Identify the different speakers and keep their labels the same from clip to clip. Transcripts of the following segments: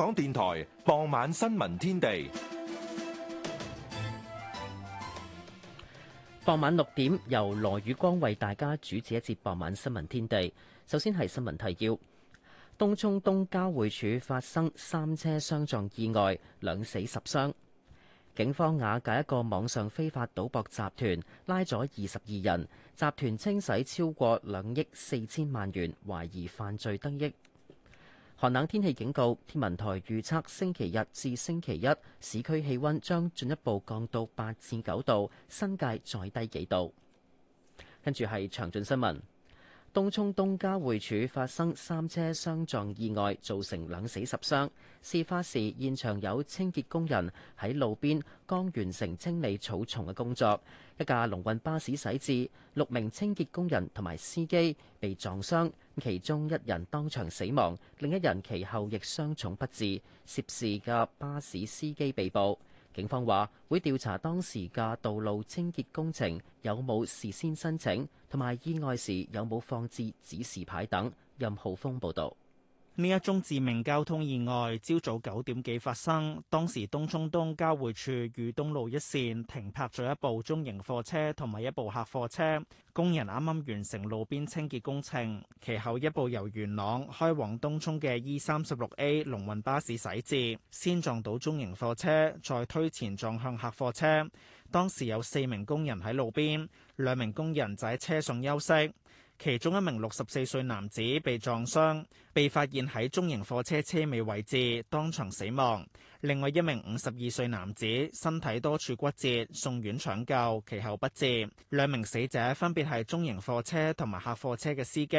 Speaker 1: 港電台傍晚新聞天地，
Speaker 2: 傍晚六點由羅宇光為大家主持一節傍晚新聞天地。首先係新聞提要：東涌東交匯處發生三車相撞意外，兩死十傷。警方瓦解一個網上非法賭博集團，拉咗二十二人，集團清洗超過兩億四千萬元，懷疑犯罪得益。寒冷天氣警告，天文台預測星期日至星期一市區氣温將進一步降到八至九度，新界再低幾度。跟住係詳盡新聞，東涌東交匯處發生三車相撞意外，造成兩死十傷。事發時現場有清潔工人喺路邊剛完成清理草叢嘅工作，一架龍運巴士駛至，六名清潔工人同埋司機被撞傷。其中一人當場死亡，另一人其後亦傷重不治。涉事嘅巴士司機被捕。警方話會調查當時嘅道路清潔工程有冇事先申請，同埋意外時有冇放置指示牌等。任浩峰報道。呢一宗致命交通意
Speaker 3: 外，朝早九點幾發生。當時東涌東交匯處裕東路一線停泊咗一部中型貨車同埋一部客貨車，工人啱啱完成路邊清潔工程。其後，一部由元朗開往東涌嘅 E36A 龍運巴士駛至，先撞到中型貨車，再推前撞向客貨車。當時有四名工人喺路邊，兩名工人就喺車上休息。其中一名六十四歲男子被撞傷，被發現喺中型貨車車尾位置，當場死亡。另外一名五十二歲男子身體多處骨折，送院搶救，其後不治。兩名死者分別係中型貨車同埋客貨車嘅司機。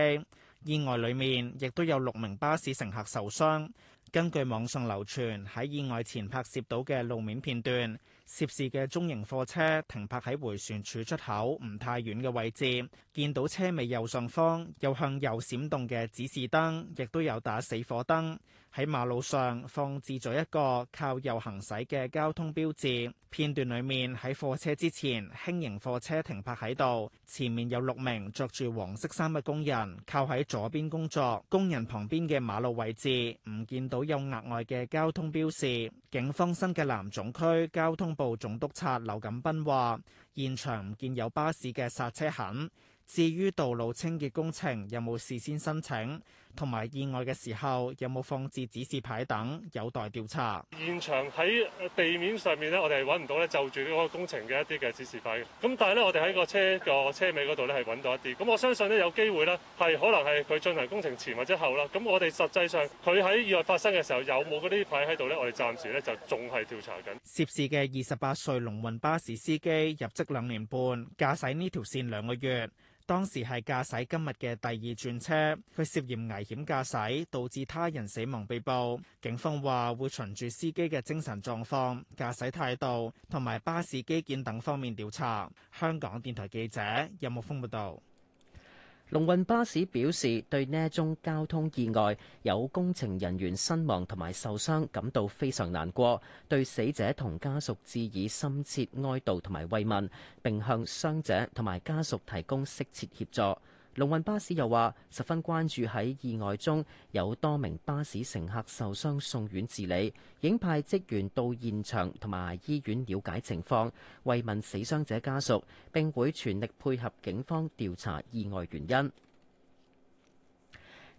Speaker 3: 意外裏面亦都有六名巴士乘客受傷。根據網上流傳喺意外前拍攝到嘅路面片段，涉事嘅中型貨車停泊喺回旋處出口唔太遠嘅位置，見到車尾右上方有向右閃動嘅指示燈，亦都有打死火燈。喺馬路上放置咗一個靠右行駛嘅交通標誌。片段裏面喺貨車之前，輕型貨車停泊喺度，前面有六名着住黃色衫嘅工人靠喺左邊工作。工人旁邊嘅馬路位置唔見到有額外嘅交通標示。警方新界南總區交通部總督察劉錦斌話：現場唔見有巴士嘅煞車痕。至於道路清潔工程有冇事先申請？同埋意外嘅時候有冇放置指示牌等有待調查。
Speaker 4: 現場喺地面上面呢，我哋係揾唔到咧，就住呢個工程嘅一啲嘅指示牌嘅。咁但係咧，我哋喺個車個車尾嗰度咧係揾到一啲。咁我相信呢，有機會咧係可能係佢進行工程前或者後啦。咁我哋實際上佢喺意外發生嘅時候有冇嗰啲牌喺度咧？我哋暫時咧就仲係調查緊。
Speaker 3: 涉事嘅二十八歲龍運巴士司機入職兩年半，駕駛呢條線兩個月。當時係駕駛今日嘅第二轉車，佢涉嫌危險駕駛，導致他人死亡被捕。警方話會循住司機嘅精神狀況、駕駛態度同埋巴士機件等方面調查。香港電台記者任木峰
Speaker 2: 報道。龍運巴士表示，對呢宗交通意外有工程人員身亡，同埋受傷感到非常難過，對死者同家屬致以深切哀悼同埋慰問，並向傷者同埋家屬提供適切協助。龍運巴士又話十分關注，喺意外中有多名巴士乘客受傷送院治理，已派職員到現場同埋醫院了解情況，慰問死傷者家屬，並會全力配合警方調查意外原因。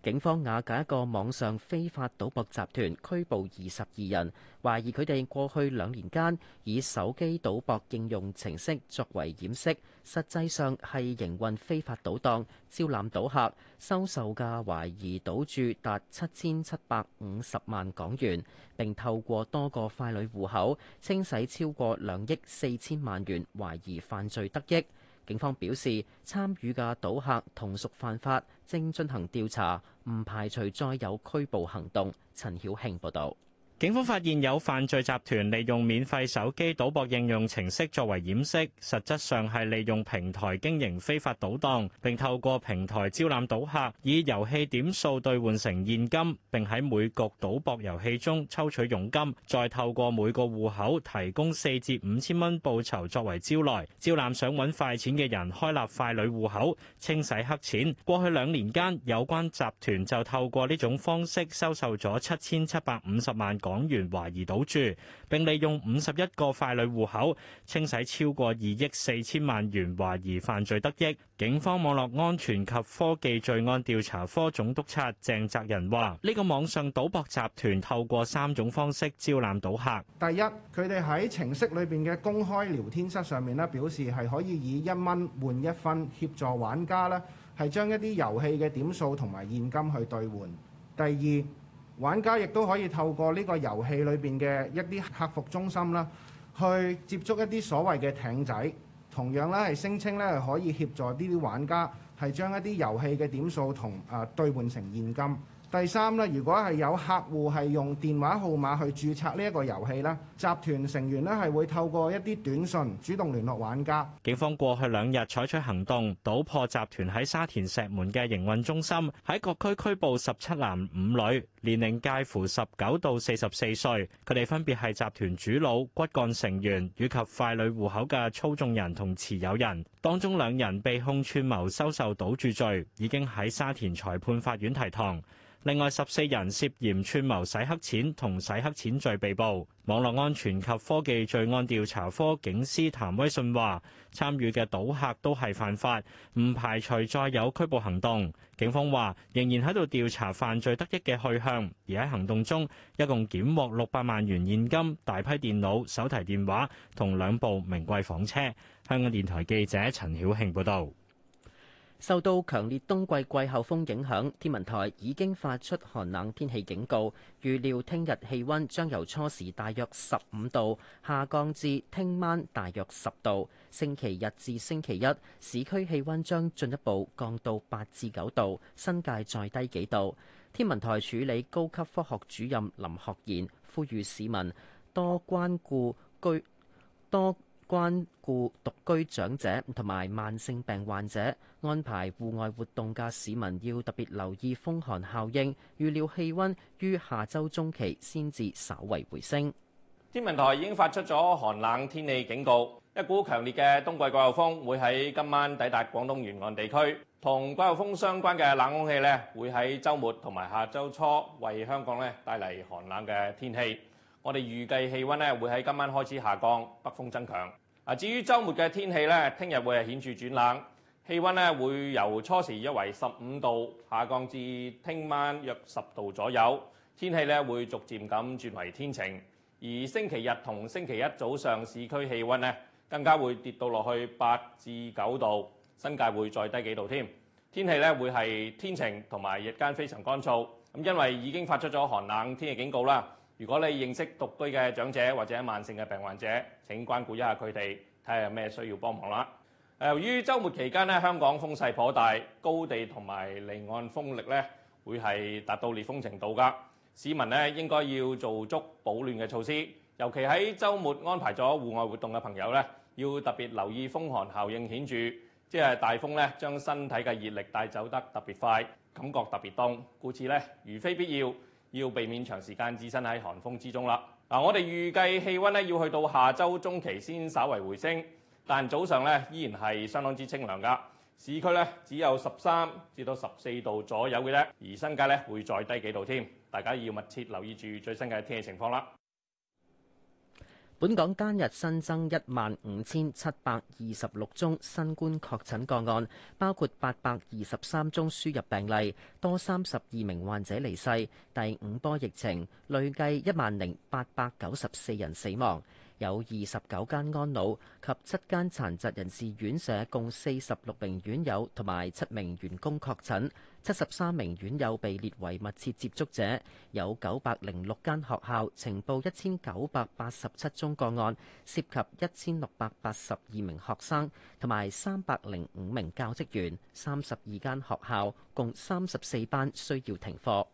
Speaker 2: 警方瓦解一個網上非法賭博集團，拘捕二十二人，懷疑佢哋過去兩年間以手機賭博應用程式作為掩飾，實際上係營運非法賭檔，招攬賭客，收受嘅懷疑賭注達七千七百五十萬港元，並透過多個傀儡戶口清洗超過兩億四千萬元懷疑犯罪得益。警方表示，參與嘅賭客同屬犯法，正進行調查。唔排除再有拘捕行動，陳曉慶報道。警方發現有犯罪集團利用免費
Speaker 1: 手機賭博應用程式作為掩飾，實質上係利用平台經營非法賭檔，並透過平台招攬賭客，以遊戲點數兌換成現金，並喺每局賭博遊戲中抽取佣金，再透過每個戶口提供四至五千蚊報酬作為招徠，招攬想揾快錢嘅人開立傀儡戶口，清洗黑錢。過去兩年間，有關集團就透過呢種方式收受咗七千七百五十萬個，港元懷疑賭注，並利用五十一個傀儡戶口清洗超過二億四千萬元懷疑犯罪得益。警方網絡安全及科技罪案調查科總督察鄭澤仁話：呢個網上賭博集團透過三種方式招攬賭客。
Speaker 5: 第一，佢哋喺程式裏邊嘅公開聊天室上面呢，表示係可以以一蚊換一分，協助玩家呢係將一啲遊戲嘅點數同埋現金去兌換。第二。玩家亦都可以透過呢個遊戲裏邊嘅一啲客服中心啦，去接觸一啲所謂嘅艇仔，同樣咧係聲稱咧係可以協助呢啲玩家係將一啲遊戲嘅點數同啊兌換成現金。第三咧，如果係有客戶係用電話號碼去註冊呢一個遊戲啦，集團成員咧係會透過一啲短信主動聯絡玩家。
Speaker 1: 警方過去兩日採取行動，搗破集團喺沙田石門嘅營運中心，喺各區拘捕十七男五女，年齡介乎十九到四十四歲，佢哋分別係集團主腦骨幹成員以及傀儡戶口嘅操縱人同持有人。當中兩人被控串謀收受賭注罪，已經喺沙田裁判法院提堂。另外十四人涉嫌串謀洗黑錢同洗黑錢罪被捕。網絡安全及科技罪案調查科警司譚威信話，參與嘅賭客都係犯法，唔排除再有拘捕行動，警方話仍然喺度調查犯罪得益嘅去向，而喺行動中一共檢獲六百萬元現金，大批電腦手提電
Speaker 2: 話同兩部名貴房車。香港電台記者陳曉慶報道。受到強烈冬季季候風影響，天文台已經發出寒冷天氣警告，預料聽日氣温將由初時大約十五度下降至聽晚大約十度。星期日至星期一，市區氣温將進一步降到八至九度，新界再低幾度。天文台處理高級科學主任林學賢呼籲市民多關顧居多。關顧獨居長者同埋慢性病患者，安排戶外活動嘅市民要特別留意風寒效應。預料氣温於下周中期先至稍為回升。
Speaker 6: 天文台已經發出咗寒冷天氣警告，一股強烈嘅冬季季候風會喺今晚抵達廣東沿岸地區，同季候風相關嘅冷空氣呢會喺周末同埋下周初為香港呢帶嚟寒冷嘅天氣。我哋預計氣温呢會喺今晚開始下降，北風增強。至於周末嘅天氣咧，聽日會係顯著轉冷，氣温咧會由初時約為十五度下降至聽晚約十度左右。天氣咧會逐漸咁轉為天晴，而星期日同星期一早上市區氣温咧更加會跌到落去八至九度，新界會再低幾度添。天氣咧會係天晴同埋日間非常乾燥，因為已經發出咗寒冷天氣警告啦。如果你認識獨居嘅長者或者慢性嘅病患者，請關顧一下佢哋，睇下有咩需要幫忙啦。由於週末期間咧，香港風勢頗大，高地同埋離岸風力咧會係達到烈風程度㗎，市民咧應該要做足保暖嘅措施，尤其喺週末安排咗戶外活動嘅朋友咧，要特別留意風寒效應顯著，即係大風咧將身體嘅熱力帶走得特別快，感覺特別凍，故此咧如非必要，要避免長時間置身喺寒風之中啦。我哋預計氣溫要去到下週中期先稍為回升，但早上呢依然係相當之清涼㗎。市區呢只有十三至到十四度左右嘅啫，而新界咧會再低幾度添。大家要密切留意住最新嘅天氣情況啦。
Speaker 2: 本港今日新增一萬五千七百二十六宗新冠確診個案，包括八百二十三宗輸入病例，多三十二名患者離世。第五波疫情累計一萬零八百九十四人死亡，有二十九間安老及七間殘疾人士院舍共四十六名院友同埋七名員工確診。七十三名院友被列為密切接觸者，有九百零六間學校呈報一千九百八十七宗個案，涉及一千六百八十二名學生同埋三百零五名教職員，三十二間學校共三十四班需要停課。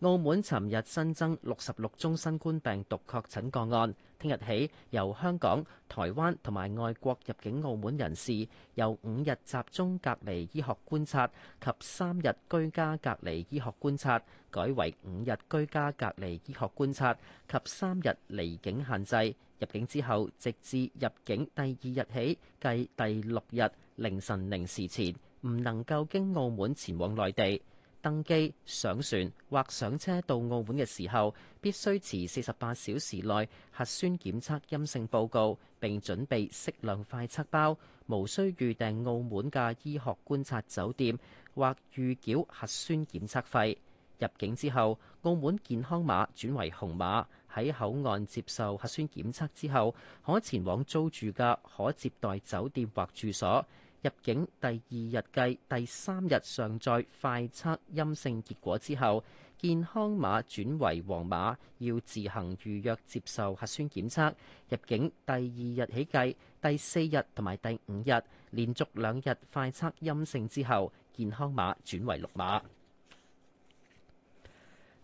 Speaker 2: 澳門尋日新增六十六宗新冠病毒確診個案，聽日起由香港、台灣同埋外國入境澳門人士由五日集中隔離醫學觀察及三日居家隔離醫學觀察，改為五日居家隔離醫學觀察及三日離境限制。入境之後，直至入境第二日起計第六日凌晨零時前，唔能夠經澳門前往內地。登機、上船或上車到澳門嘅時候，必須持四十八小時內核酸檢測陰性報告，並準備適量快測包，無需預訂澳門嘅醫學觀察酒店或預繳核酸檢測費。入境之後，澳門健康碼轉為紅碼，喺口岸接受核酸檢測之後，可前往租住嘅可接待酒店或住所。入境第二日計第三日上載快測陰性結果之後，健康碼轉為黃碼，要自行預約接受核酸檢測。入境第二日起計第四日同埋第五日連續兩日快測陰性之後，健康碼轉為綠碼。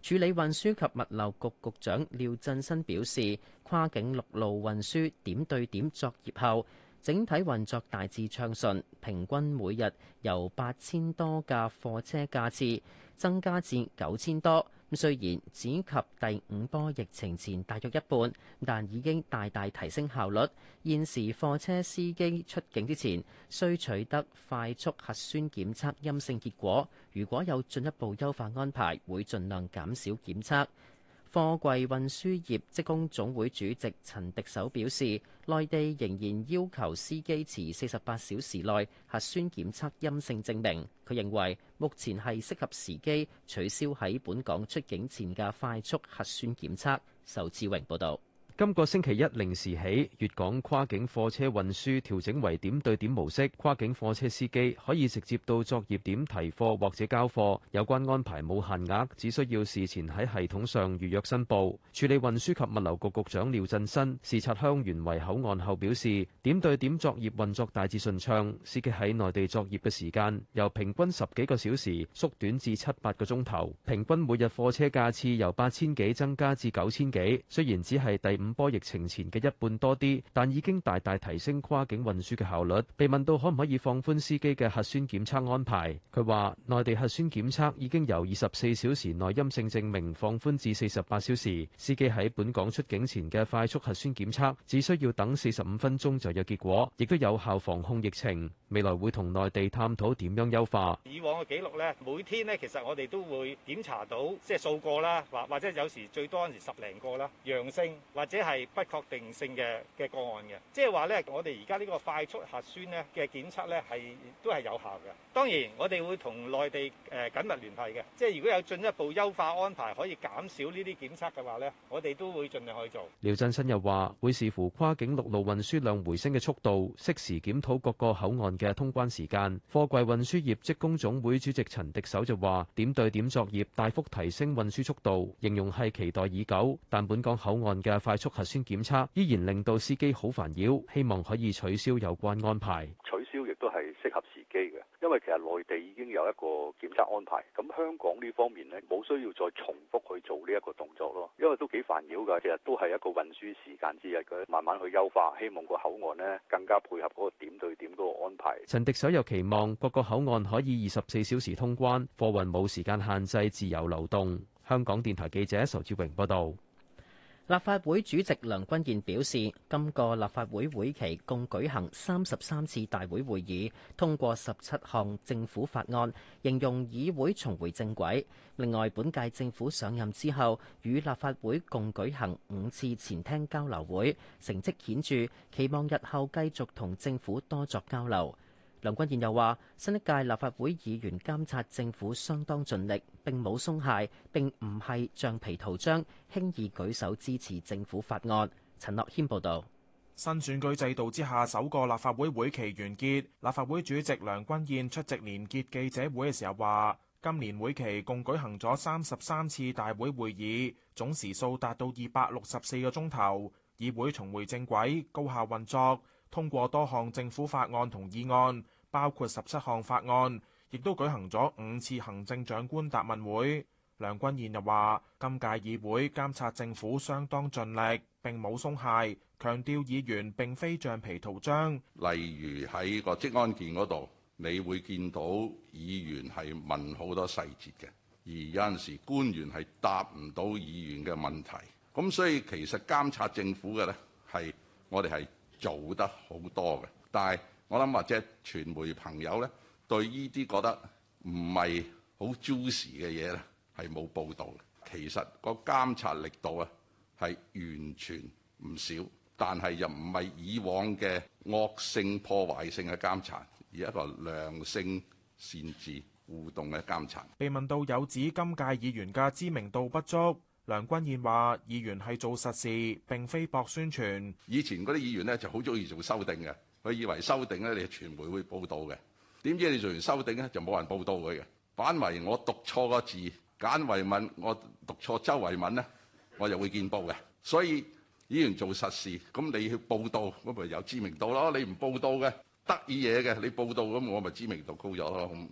Speaker 2: 處理運輸及物流局局長廖振新表示，跨境陸路運輸點對點作業後，整體運作大致暢順，平均每日由八千多架貨車架次增加至九千多。雖然只及第五波疫情前大約一半，但已經大大提升效率。現時貨車司機出境之前須取得快速核酸檢測陰性結果。如果有進一步優化安排，會盡量減少檢測。貨櫃運輸業職工總會主席陳迪手表示，內地仍然要求司機持四十八小時內核酸檢測陰性證明。佢認為目前係適合時機取消喺本港出境前嘅快速核酸檢測。仇志榮報道。今個
Speaker 7: 星期一零時起，粵港跨境貨車運輸調整為點對點模式，跨境貨車司機可以直接到作業點提貨或者交貨。有關安排冇限額，只需要事前喺系統上預約申報。處理運輸及物流局局長廖振新視察香園圍口岸後表示，點對點作業運作大致順暢，司機喺內地作業嘅時間由平均十幾個小時縮短至七八個鐘頭，平均每日貨車架次由八千幾增加至九千幾。雖然只係第五五波疫情前嘅一半多啲，但已經大大提升跨境運輸嘅效率。被問到可唔可以放寬司機嘅核酸檢測安排，佢話內地核酸檢測已經由二十四小時內陰性證明放寬至四十八小時。司機喺本港出境前嘅快速核酸檢測只需要等四十五分鐘就有結果，亦都有效防控疫情。未來會同內地探討點樣優化。
Speaker 1: 以往嘅記錄咧，每天咧其實我哋都會檢查到，即係數個啦，或或者有時最多嗰陣時十零個啦，陽性或者。啲係不確定性嘅嘅個案嘅，即係話咧，我哋而家呢個快速核酸咧嘅檢測咧係都係有效嘅。當然，我哋會同內地誒緊密聯繫嘅，即係如果有進一步優化安排，可以減少呢啲檢測嘅話咧，我哋都會盡量去做。
Speaker 7: 廖振新又話：會視乎跨境陸路運輸量回升嘅速度，適時檢討各個口岸嘅通關時間。貨櫃運輸業職工總會主席陳迪首就話：點對點作業大幅提升運輸速度，形容係期待已久，但本港口岸嘅快速做核酸檢測依然令到司機好煩擾，希望可以取消有關安排。
Speaker 8: 取消亦都係適合時機嘅，因為其實內地已經有一個檢測安排，咁香港呢方面咧
Speaker 9: 冇需要再重複去做呢一個動作咯，因為都幾煩擾㗎。其實都係一個運輸時間之日嘅，慢慢去優化，希望個口岸咧更加配合嗰個點對點嗰個安排。陳
Speaker 7: 迪手又期望各個口岸可以二十四小時通關，貨運冇時間限制，自由流動。香港電台記者仇志榮報道。
Speaker 2: 立法會主席梁君彥表示，今個立法會會期共舉行三十三次大會會議，通過十七項政府法案，形容議會重回正軌。另外，本屆政府上任之後，與立法會共舉行五次前廳交流會，成績顯著，期望日後繼續同政府多作交流。梁君彥又話：新一屆立法會議員監察政府相當盡力，並冇鬆懈，並唔係橡皮圖章，輕易舉手支持政府法案。陳
Speaker 10: 樂謙報導。新選舉制度之下，首個立法會會期完結。立法會主席梁君彥出席年結記者會嘅時候話：今年會期共舉行咗三十三次大會會議，總時數達到二百六十四個鐘頭。議會重回正軌，高效運作，通過多項政府法案同議案。包括十七項法案，亦都舉行咗五次行政長官答問會。梁君彥又話：今屆議會監察政府相當盡力，並冇鬆懈，強調議員並非橡皮圖章。
Speaker 8: 例如喺個職安件嗰度，你會見到議員係問好多細節嘅，而有陣時官員係答唔到議員嘅問題。咁所以其實監察政府嘅，咧，係我哋係做得好多嘅，但係。我諗，或者傳媒朋友咧，對呢啲覺得唔係好 juicy 嘅嘢咧，係冇報導。其實個監察力度啊，係完全唔少，但係又唔係以往嘅惡性破壞性嘅監察，而一個良性、善治、互動嘅監察。
Speaker 10: 被問到有指今屆議員嘅知名度不足，梁君彥話：議員係做實事，並非博宣
Speaker 8: 傳。以前嗰啲議員咧就好中意做修訂嘅。佢以為修訂咧，你傳媒會報道嘅，點知你做完修訂咧，就冇人報道佢嘅。反為我讀錯個字，簡為敏，我讀錯周為敏咧，我就會見報嘅。所以議員做實事，咁你去報道，咁咪有知名度咯。你唔報道嘅得意嘢嘅，你報道咁我咪知名度高咗咯。咁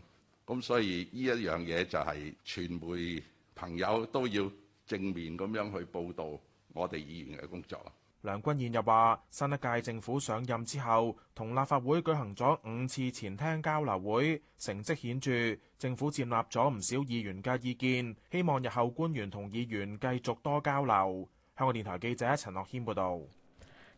Speaker 8: 咁所以呢一樣嘢就係傳媒朋友都要正面咁樣去報道我哋議員嘅工作啊。
Speaker 10: 梁君彥又話：新一屆政府上任之後，同立法會舉行咗五次前廳交流會，成績顯著。政府接納咗唔少議員嘅意見，希望日後官員同議員繼續多交流。香港電台記者陳樂謙報道。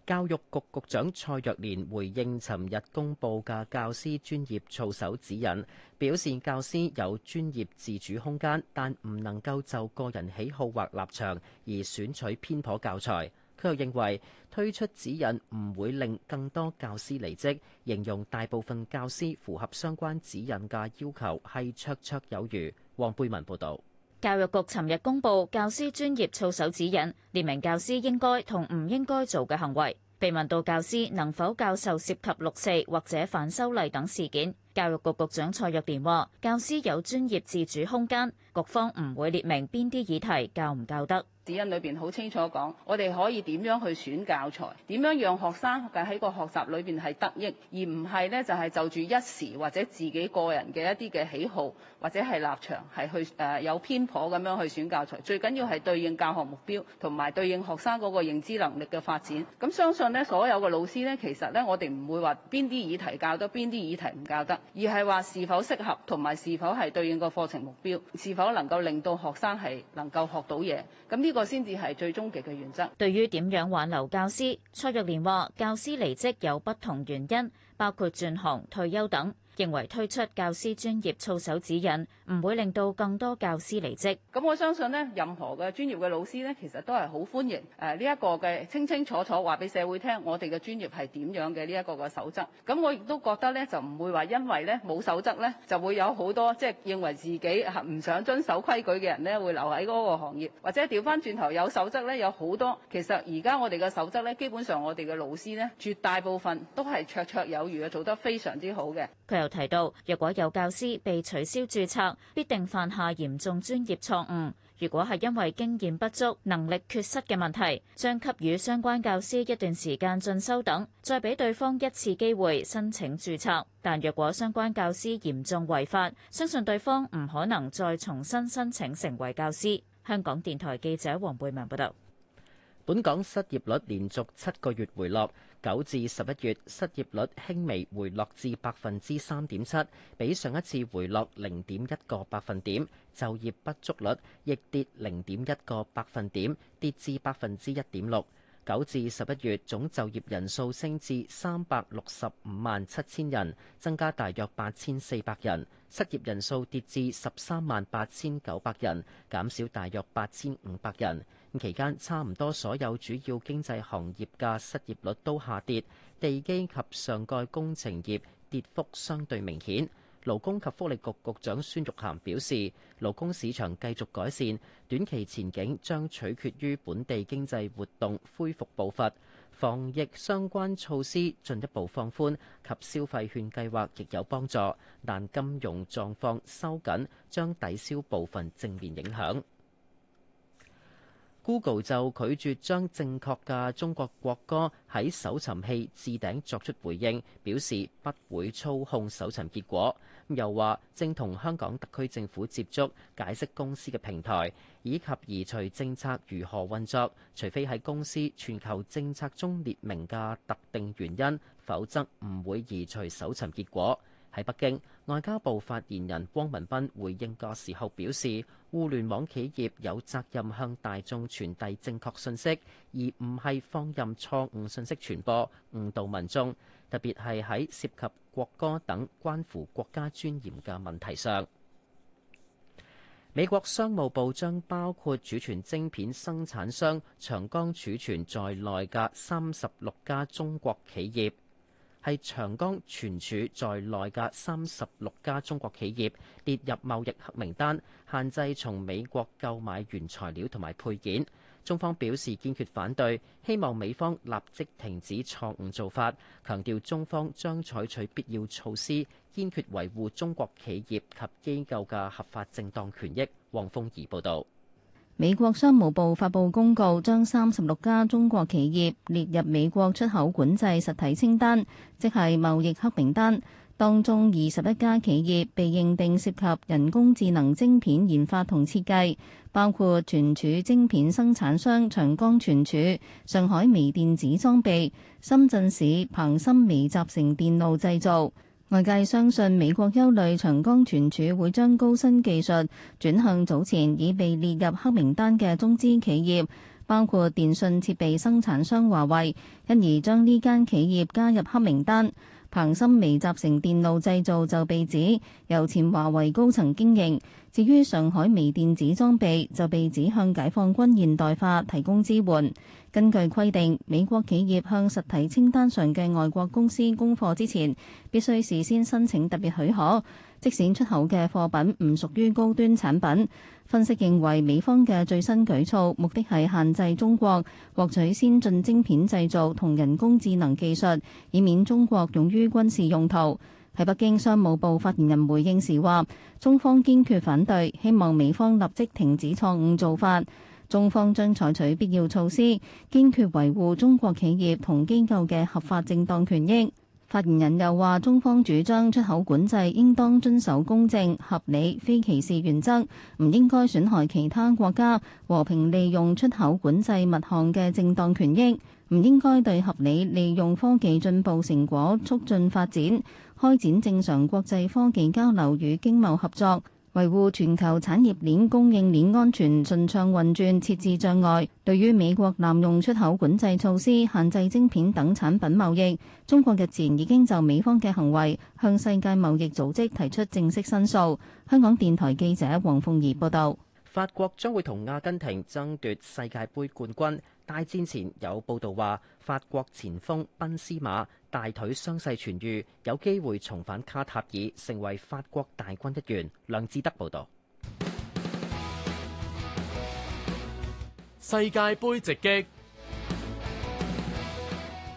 Speaker 10: 教育局局長蔡若蓮回應，尋日公布嘅教師
Speaker 2: 專業操守指引，表示教師有專業自主空間，但唔能夠就個人喜好或立場而選取偏頗教材。佢又認為推出指引唔會令更多教師離職，形容大部分教師符合相關指引嘅要求係綽綽有餘。黃貝文報導，教
Speaker 11: 育局尋日公布教師專業操守指引，列明教師應該同唔應該做嘅行為。被問到教師能否教授涉及六四或者反修例等事件。教育局局長蔡若蓮話：教師有專業自主空間，局方唔會列明邊啲議
Speaker 12: 題教唔教得。指引裏邊好清楚講，我哋可以點樣去選教材，點樣讓學生喺個學習裏邊係得益，而唔係咧就係就住一時或者自己個人嘅一啲嘅喜好或者係立場係去誒有偏頗咁樣去選教材。最緊要係對應教學目標，同埋對應學生嗰個認知能力嘅發展。咁相信咧，所有嘅老師咧，其實咧我哋唔會話邊啲議題教得，邊啲議題唔教得。而係話是否適合同埋是否係對應個課程目標，是否能夠令到學生係能夠學到嘢，咁呢個先至係最終極嘅原則。 對於點樣挽留教
Speaker 11: 師，蔡玉蓮話教師離職有不同原因，包括轉行、退休等。認為推出教師專業操守指引唔會令到更多教師離職。咁
Speaker 12: 我相信呢，任何嘅專業嘅老師呢，其實都係好歡迎誒呢一個嘅清清楚楚話俾社會聽，我哋嘅專業係點樣嘅呢一個嘅守則。咁我亦都覺得呢，就唔會話因為呢冇守則呢，就會有好多即係、就是、認為自己唔想遵守規矩嘅人呢，會留喺嗰個行業。或者調翻轉頭有守則呢，有好多其實而家我哋嘅守則呢，基本上我哋嘅老師呢，絕大部分都係綽綽有餘嘅，做得非常之好嘅。
Speaker 11: 提到，若果有教師被取消註冊，必定犯下嚴重專業錯誤。如果係因為經驗不足、能力缺失嘅問題，將給予相關教師一段時間進修等，再俾對方一次機會申請註冊。但若果相關教師嚴重違法，相信對方唔可能再重新申請成為教師。香港電台記者黃貝文報道，
Speaker 2: 本港失業率連續七個月回落。九至十一月失業率輕微回落至百分之三點七，比上一次回落零點一個百分點，就業不足率亦跌零點一個百分點，跌至百分之一點六。九至十一月總就業人數升至三百六十五萬七千人，增加大約八千四百人，失業人數跌至十三萬八千九百人，減少大約八千五百人。期間差唔多所有主要經濟行業嘅失業率都下跌，地基及上蓋工程業跌幅相對明顯。勞工及福利局局長孫玉菡表示，勞工市場繼續改善，短期前景將取決於本地經濟活動恢復步伐、防疫相關措施進一步放寬及消費券計劃亦有幫助，但金融狀況收緊將抵消部分正面影響。Google 就拒絕將正確嘅中國國歌喺搜尋器置頂作出回應，表示不會操控搜尋結果。咁又話正同香港特區政府接觸，解釋公司嘅平台以及移除政策如何運作，除非喺公司全球政策中列明嘅特定原因，否則唔會移除搜尋結果。喺北京，外交部發言人汪文斌回應個時候表示，互聯網企業有責任向大眾傳遞正確信息，而唔係放任錯誤信息傳播誤導民眾，特別係喺涉及國歌等關乎國家尊嚴嘅問題上。美國商務部將包括儲存晶片生產商長江儲存在內嘅三十六家中國企業。係長江存儲在內嘅三十六家中國企業列入貿易黑名單，限制從美國購買原材料同埋配件。中方表示堅決反對，希望美方立即停止錯誤做法，強調中方將採取必要措施，堅決維護中國企業及機構嘅合法正當權益。黃鳳儀報導。
Speaker 13: 美國商務部發布公告，將三十六家中國企業列入美國出口管制實體清單，即係貿易黑名單。當中二十一家企業被認定涉及人工智能晶片研發同設計，包括存儲晶片生產商長江存儲、上海微電子裝備、深圳市鵬芯微集成電路製造。外界相信美國憂慮長江存儲會將高新技術轉向早前已被列入黑名單嘅中資企業，包括電信設備生產商華為，因而將呢間企業加入黑名單。行芯微集成電路製造就被指由前華為高層經營，至於上海微電子裝備就被指向解放軍現代化提供支援。根據規定，美國企業向實體清單上嘅外國公司供貨之前，必須事先申請特別許可。即使出口嘅貨品唔屬於高端產品，分析認為美方嘅最新舉措目的係限制中國獲取先進晶片製造同人工智能技術，以免中國用於軍事用途。喺北京，商務部發言人回應時話：中方堅決反對，希望美方立即停止錯誤做法，中方將採取必要措施，堅決維護中國企業同機構嘅合法正當權益。發言人又話：中方主張出口管制應當遵守公正、合理、非歧視原則，唔應該損害其他國家和平利用出口管制物項嘅正當權益，唔應該對合理利用科技進步成果、促進發展、開展正常國際科技交流與經貿合作。維護全球產業鏈供應鏈安全順暢運轉，設置障礙。對於美國濫用出口管制措施，限制晶片等產品貿易，中國日前已經就美方嘅行為向世界貿易組織提出正式申訴。香港電台記者黃鳳儀報道。
Speaker 2: 法國將會同阿根廷爭奪世界杯冠軍。大戰前有報道話，法國前鋒賓斯馬大腿傷勢痊癒，有機會重返卡塔爾，成為法國大軍一員。梁志德報道。世界盃直擊，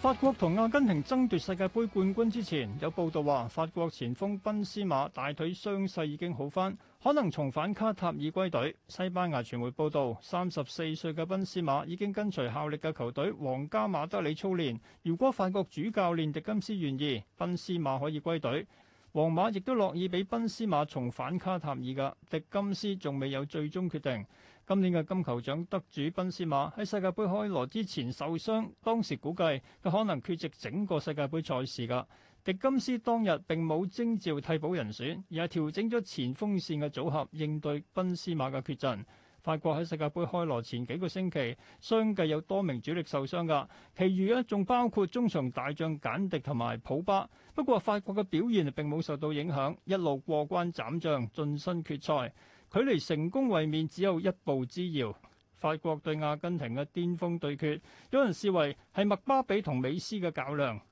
Speaker 4: 法國同阿根廷爭奪世界盃冠軍之前，有報道話，法國前鋒賓斯馬大腿傷勢已經好翻。可能重返卡塔爾歸隊。西班牙傳媒報導，三十四歲嘅賓斯馬已經跟隨效力嘅球隊皇家馬德里操練。如果法國主教練迪金斯願意，賓斯馬可以歸隊。皇馬亦都樂意俾賓斯馬重返卡塔爾嘅。迪金斯仲未有最終決定。今年嘅金球獎得主賓斯馬喺世界盃開鑼之前受傷，當時估計佢可能缺席整個世界盃賽事㗎。迪金斯當日並冇徵召替補人選，而係調整咗前鋒線嘅組合，應對賓斯馬嘅缺陣。法國喺世界盃開鑼前幾個星期，相繼有多名主力受傷噶，其餘呢仲包括中場大將簡迪同埋普巴。不過法國嘅表現並冇受到影響，一路過關斬將，晉身決賽，距離成功衛冕只有一步之遙。法國對阿根廷嘅巔峰對決，有人視為係麥巴比同美斯嘅較量。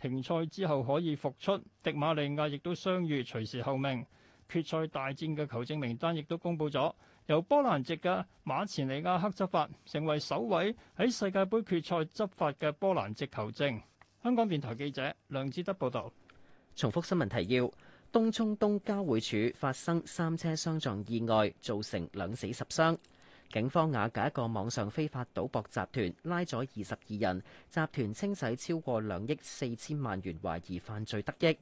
Speaker 4: 停賽之後可以復出，迪馬利亞亦都傷愈，隨時候命。決賽大戰嘅球證名單亦都公布咗，由波蘭籍嘅馬前尼亞克執法，成為首位喺世界盃決賽執法嘅波蘭籍球證。香港電台記
Speaker 2: 者梁志德報道。重複新聞提要：東涌東交匯處發生三車相撞意外，造成兩死十傷。警方瓦解一個網上非法賭博集團，拉咗二十二人。集團清洗超過兩億四千萬元，懷疑犯罪得益。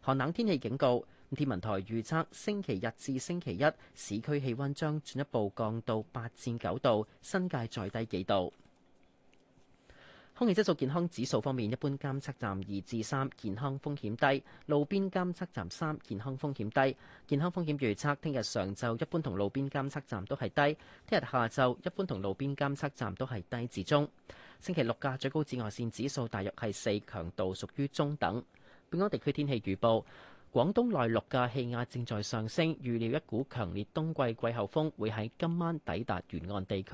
Speaker 2: 寒冷天氣警告，天文台預測星期日至星期一市區氣溫將進一步降到八至九度，新界再低幾度。空氣質素健康指數方面，一般監測站二至三，健康風險低；路邊監測站三，健康風險低。健康風險預測，聽日上晝一般同路邊監測站都係低；聽日下晝一般同路邊監測站都係低至中。星期六嘅最高紫外線指數大約係四，強度屬於中等。本港地區天氣預報。廣東內陸嘅氣壓正在上升，預料一股強烈冬季季候風會喺今晚抵達沿岸地區。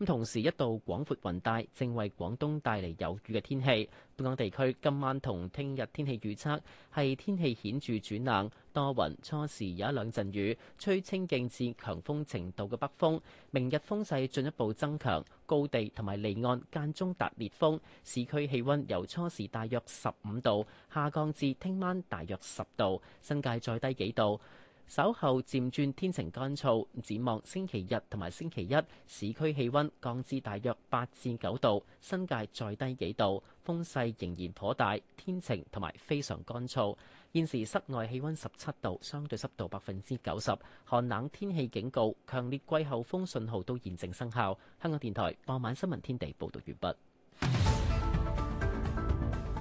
Speaker 2: 咁同時，一道廣闊雲帶正為廣東帶嚟有雨嘅天氣。本港地區今晚同聽日天氣預測係天氣顯著轉冷，多雲，初時有一兩陣雨，吹清勁至強風程度嘅北風。明日風勢進一步增強，高地同埋離岸間中達烈風。市區氣温由初時大約十五度下降至聽晚大約十度，新界再低幾度。稍後漸轉天晴乾燥，展望星期日同埋星期一，市區氣溫降至大約八至九度，新界再低幾度，風勢仍然頗大，天晴同埋非常乾燥。現時室外氣溫十七度，相對濕度百分之九十，寒冷天氣警告、強烈季候風信號都現正生效。香港電台傍晚新聞天地報道完畢。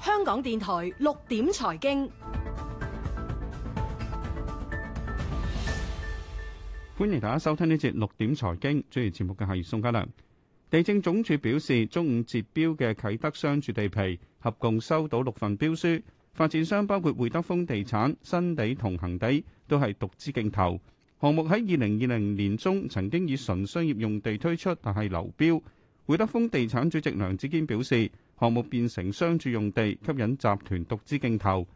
Speaker 14: 香港電台六點財經。
Speaker 9: 歡迎大家收聽呢節六點財經，主持節目嘅係宋家良。地政總署表示，中午截標嘅啟德商住地皮合共收到六份標書，發展商包括匯德豐地產、新地同恒地，都係獨資競投。項目喺二零二零年中曾經以純商業用地推出，但係流標。匯德豐地產主席梁志堅表示，項目變成商住用地，吸引集團獨資競投。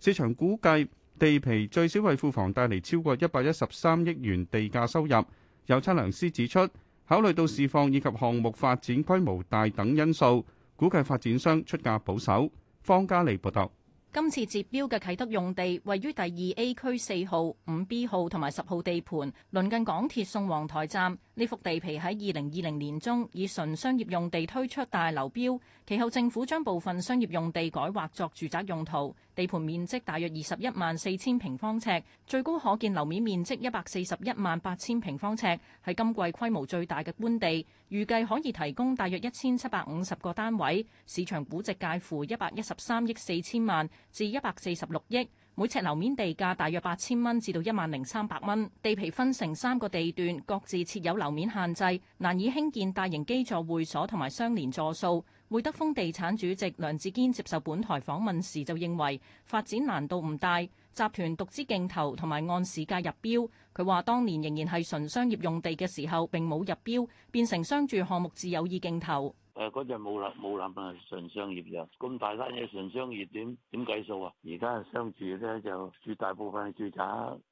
Speaker 9: 市場估計，地皮最少為庫房帶嚟超過一百一十三億元地價收入。有測量師指出，考慮到市況以及項目發展規模大等因素，估計發展商出價保守。方家利報道，
Speaker 14: 特今次接標嘅啟德用地位於第二 A 區四號、五 B 號同埋十號地盤，鄰近港鐵宋皇台站。呢幅地皮喺二零二零年中以純商業用地推出大流標，其後政府將部分商業用地改劃作住宅用途。地盤面積大約二十一萬四千平方尺，最高可見樓面面積一百四十一萬八千平方尺，係今季規模最大嘅官地，預計可以提供大約一千七百五十個單位，市場估值介乎一百一十三億四千萬至一百四十六億，每尺樓面地價大約八千蚊至到一萬零三百蚊。地皮分成三個地段，各自設有樓面限制，難以興建大型基座會所同埋相連座數。匯德豐地產主席梁志堅接受本台訪問時就認為發展難度唔大，集團獨資競投同埋按市價入標。佢話當年仍然係純商業用地嘅時候，並冇入標，變成商住項目自有意競投。
Speaker 5: 誒，嗰陣冇諗冇諗誒純商業嘅，咁大間嘢純商業點點計數啊？而家商住咧就絕大部分係住宅，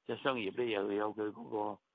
Speaker 5: 即係商業咧又有佢嗰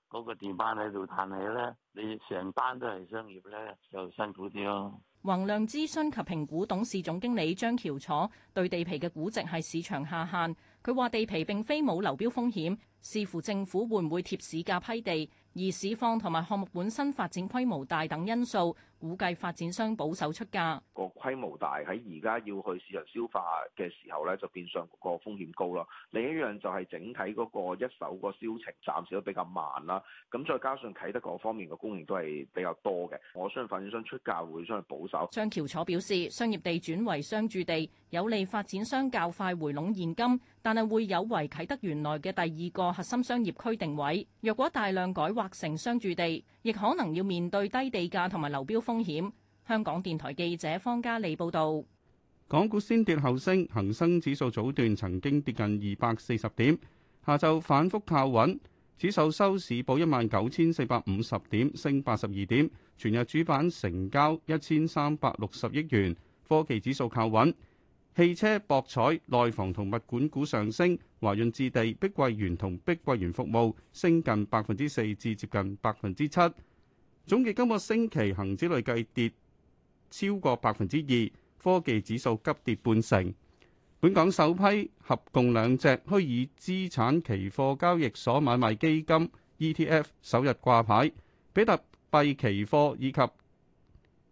Speaker 5: 個嗰個墊班喺度嘆起咧，你成班都係商業咧，就辛苦啲咯。
Speaker 14: 宏亮諮詢及評估董事總經理張橋楚對地皮嘅估值係市場下限。佢話地皮並非冇流標風險，視乎政府會唔會貼市價批地，而市況同埋項目本身發展規模大等因素。估計發展商保守出價，
Speaker 5: 個規模大喺而家要去市場消化嘅時候呢，就變相個風險高啦。另一樣就係整體嗰個一手個銷情暫時都比較慢啦。咁再加上啟德嗰方面嘅供應都係比較多嘅，我相信發展商出價會相去保守。
Speaker 14: 張橋楚表示，商業地轉為商住地，有利發展商較快回籠現金，但係會有違啟德原來嘅第二個核心商業區定位。若果大量改劃成商住地，亦可能要面對低地價同埋流標風險。香港電臺記者方嘉莉報道：
Speaker 9: 港股先跌後升，恒生指數早段曾經跌近二百四十點，下晝反覆靠穩，指數收市報一萬九千四百五十點，升八十二點。全日主板成交一千三百六十億元。科技指數靠穩，汽車、博彩、內房同物管股上升。華潤置地、碧桂園同碧桂園服務升近百分之四至接近百分之七。總結今個星期恒指累計跌超過百分之二，科技指數急跌半成。本港首批合共兩隻虛擬資產期貨交易所買賣基金 ETF 首日掛牌，比特幣期貨以及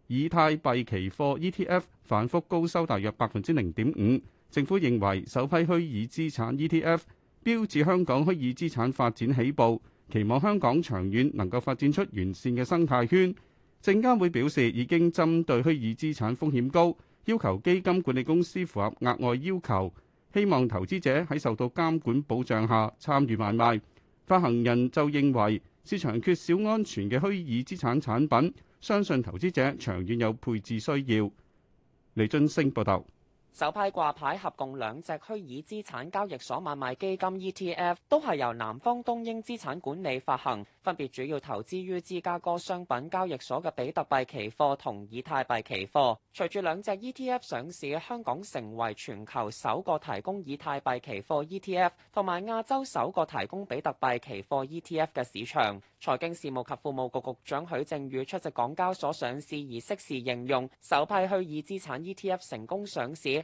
Speaker 9: 以太幣期貨 ETF 反覆高收大約百分之零點五。政府認為首批虛擬資產 ETF 標誌香港虛擬資產發展起步。期望香港長遠能夠發展出完善嘅生態圈。證監會表示已經針對虛擬資產風險高，要求基金管理公司符合額外要求，希望投資者喺受到監管保障下參與買賣。發行人就認為市場缺少安全嘅虛擬資產產品，相信投資者長遠有配置需要。李津升報道。
Speaker 15: 首批掛牌合共兩隻虛擬資產交易所買賣基金 ETF，都係由南方東英資產管理發行。分別主要投資於芝加哥商品交易所嘅比特幣期貨同以太幣期貨。隨住兩隻 ETF 上市，香港成為全球首個提供以太幣期貨 ETF 同埋亞洲首個提供比特幣期貨 ETF 嘅市場。財經事務及庫務局局長許正宇出席港交所上市而式時形用，首批虛擬資產 ETF 成功上市。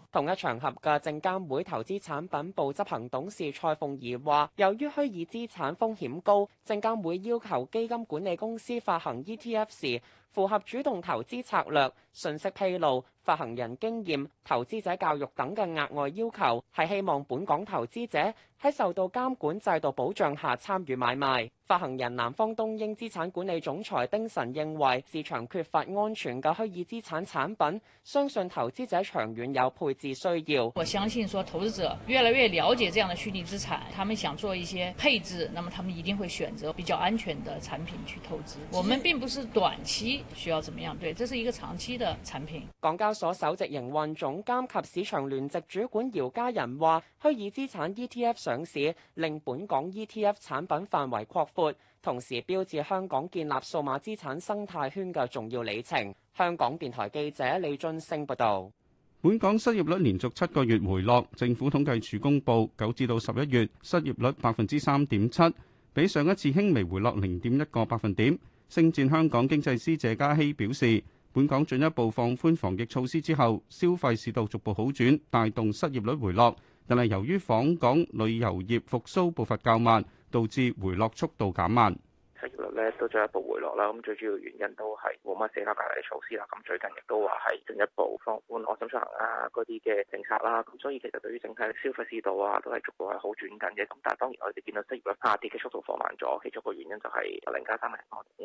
Speaker 15: 同一場合嘅證監會投資產品部執行董事蔡鳳儀話，由於虛擬資產風險高，證監會要求基金管理公司發行 ETF 時，符合主動投資策略、信息披露、發行人經驗、投資者教育等嘅額外要求，係希望本港投資者喺受到監管制度保障下參與買賣。發行人南方東英資產管理總裁丁晨認為，市場缺乏安全嘅虛擬資產產品，相信投資者長遠有配置需要。
Speaker 14: 我相信，說投資者越來越了解這樣的虛擬資產，他們想做一些配置，那麼他們一定會選擇比較安全嘅產品去投資。我們並不是短期。需要怎麼樣？對，這是一個長期的產品。港交所首席營
Speaker 15: 運總監及市場聯席主管姚嘉仁話，虛擬資產 ETF 上市令本港 ETF 產品範圍擴闊，同時標誌香港建立數碼資產生態圈嘅重要里程。香港電台記者李津升報道。
Speaker 9: 本港失業率連續七個月回落，政府統計處公佈，九至到十一月失業率百分之三點七，比上一次輕微回落零點一個百分點。星展香港經濟師謝嘉熙表示，本港進一步放寬防疫措施之後，消費市道逐步好轉，帶動失業率回落。但係由於訪港旅遊業復甦步伐較慢，導致回落速度減慢。
Speaker 5: 失業率咧都進一步回落啦，咁最主要原因都係冇乜社交距離嘅措施啦。咁最近亦都話係進一步放寬安心出行啊嗰啲嘅政策啦。咁所以其實對於整體消費市道啊都係逐步係好轉緊嘅。咁但係當然我哋見到失業率下跌嘅速度放慢咗，其中個原因就係零加三零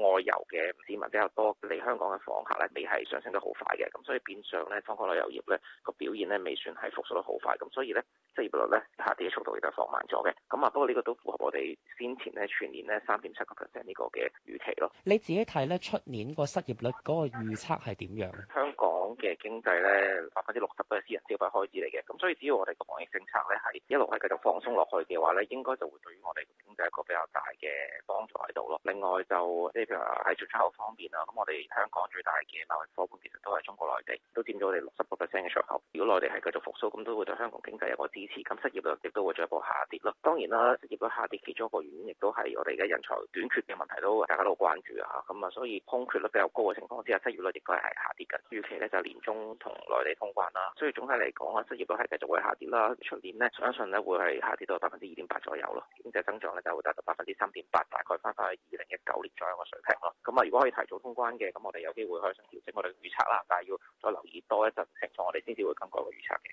Speaker 5: 外遊嘅市民比較多嚟香港嘅訪客咧，未係上升得好快嘅。咁所以變相咧，香港旅遊業咧個表現咧未算係復甦得好快。咁所以咧，失業率咧下跌嘅速度亦都放慢咗嘅。咁啊，不過呢個都符合我哋先前咧全年咧三點七個 percent。呢個嘅預期咯，
Speaker 15: 你自己睇咧，出年個失業率嗰個預測係點樣？
Speaker 5: 香港嘅經濟咧，百分之六十都係私人消費開支嚟嘅，咁所以只要我哋個防疫政策咧係一路係繼續放鬆落去嘅話咧，應該就會對於我哋經濟一個比較大嘅幫助喺度咯。另外就即譬如話喺出口方面啊，咁我哋香港最大嘅貿易夥伴其實都係中國內地，都佔咗我哋六十個 percent 嘅出口。如果內地係繼續復甦，咁都會對香港經濟有個支持，咁失業率亦都會進一步下跌咯。當然啦，失業率下跌其中一個原因亦都係我哋嘅人才短缺嘅。問題都大家都關注啊，咁啊，所以空缺率比較高嘅情況之下，失業率應該係下跌嘅。預期咧就年中同內地通關啦，所以總體嚟講啊，失業率係繼續下會下跌啦。出年咧相信咧會係下跌到百分之二點八左右咯。經濟增長咧就會達到百分之三點八，大概翻返去二零一九年左右嘅水平咯。咁啊，如果可以提早通關嘅，咁我哋有機會可以想調整我哋嘅預測啦。但係要再留意多一陣情況，我哋先至會更改個預測嘅。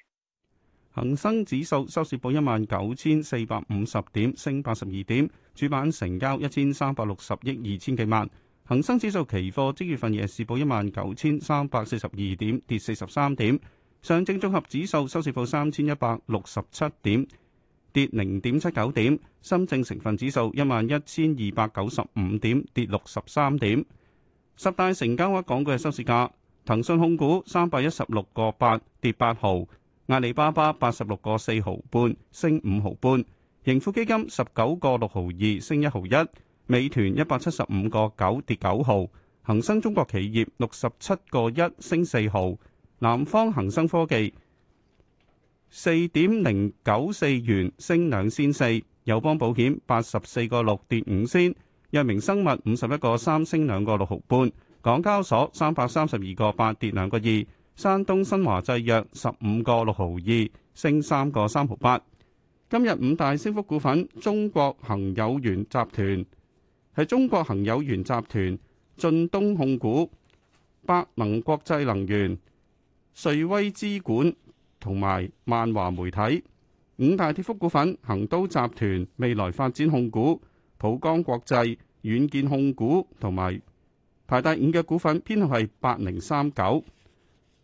Speaker 9: 恒生指數收市報一萬九千四百五十點，升八十二點。主板成交一千三百六十億二千幾萬。恒生指數期貨即月份夜市報一萬九千三百四十二點，跌四十三點。上證綜合指數收市報三千一百六十七點，跌零點七九點。深證成分指數一萬一千二百九十五點，跌六十三點。十大成交額港股嘅收市價：騰訊控股三百一十六個八，跌八毫。阿里巴巴八十六個四毫半，升五毫半；盈富基金十九個六毫二，升一毫一；美團一百七十五個九，跌九毫；恒生中國企業六十七個一，升四毫；南方恒生科技四點零九四元，升兩仙四；友邦保險八十四個六，跌五仙；藥明生物五十一個三，升兩個六毫半；港交所三百三十二個八，跌兩個二。山東新華製藥十五個六毫二，升三個三毫八。今日五大升幅股份：中國恒有源集團係中國恒有源集團、晉東控股、百能國際能源、瑞威資管同埋萬華媒體。五大跌幅股份：恒都集團、未來發展控股、浦江國際、軟件控股同埋排第五嘅股份，編號係八零三九。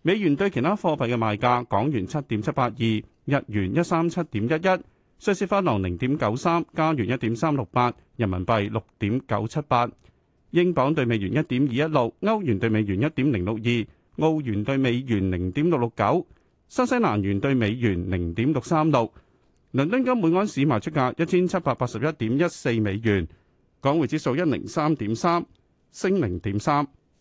Speaker 9: 美元對其他貨幣嘅賣價：港元七點七八二，日元一三七點一一，瑞士法郎零點九三，加元一點三六八，人民幣六點九七八，英鎊對美元一點二一六，歐元對美元一點零六二，澳元對美元零點六六九，新西蘭元對美元零點六三六。倫敦金每盎司賣出價一千七百八十一點一四美元，港匯指數一零三點三，升零點三。